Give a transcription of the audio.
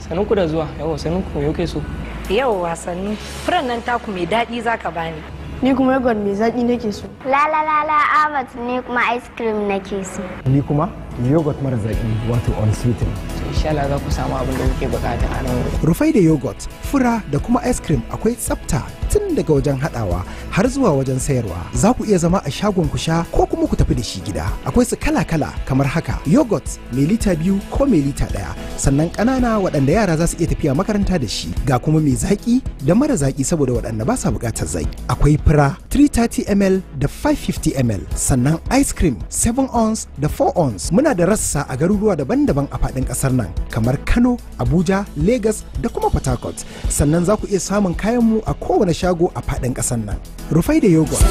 sanin da zuwa yau sanin ku yau so yau wasannin furan nan taku mai daɗi zaka bani ni kuma yogurt mai zaƙi nake so la la la la abat ni kuma ice cream nake so ni kuma yogurt mara zaƙi wato on sweeten insha Allah za ku samu abin da kuke bukata a nan rufai da yogurt fura da kuma ice cream akwai tsafta tun daga wajen haɗawa har zuwa wajen sayarwa za ku iya zama a shagon ku sha ko kuma ku tafi da shi gida akwai su kala-kala kamar haka yogurt mai lita biyu ko mai lita ɗaya sannan ƙanana waɗanda yara za su iya tafiya makaranta da shi ga kuma mai zaƙi da mara zaƙi saboda waɗanda ba sa buƙatar zai. akwai fura 330 ml da 550 ml sannan ice cream 7 ounce da 4 ounce muna da rassa a garuruwa daban-daban a faɗin ƙasar nan kamar Kano Abuja Legas da kuma Port sannan za ku iya samun kayan mu a kowane shago a faɗin ƙasar nan Rufai da yogurt